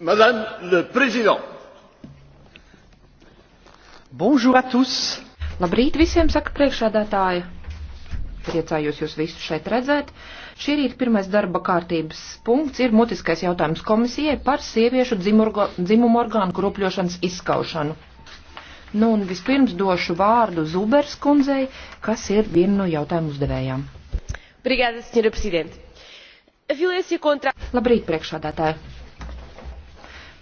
Madame le Président. Bonjour à tous. Labrīt visiem, saka priekšādātāja. Priecājos jūs visus šeit redzēt. Šī rīta pirmais darba kārtības punkts ir mutiskais jautājums komisijai par sieviešu dzimumu orgānu kropļošanas izskaušanu. Nu un vispirms došu vārdu Zubers kundzei, kas ir viena no jautājumu uzdevējām. Brigādes, ņēra prezident. Violēsija kontra... Labrīt, priekšādātāja